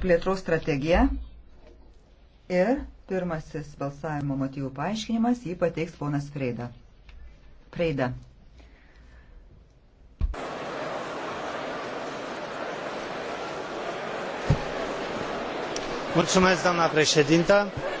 plėtros strategija. Ir pirmasis balsavimo motyvų paaiškinimas jį pateiks ponas Freida. Freida. Mulțumesc, doamna președintă.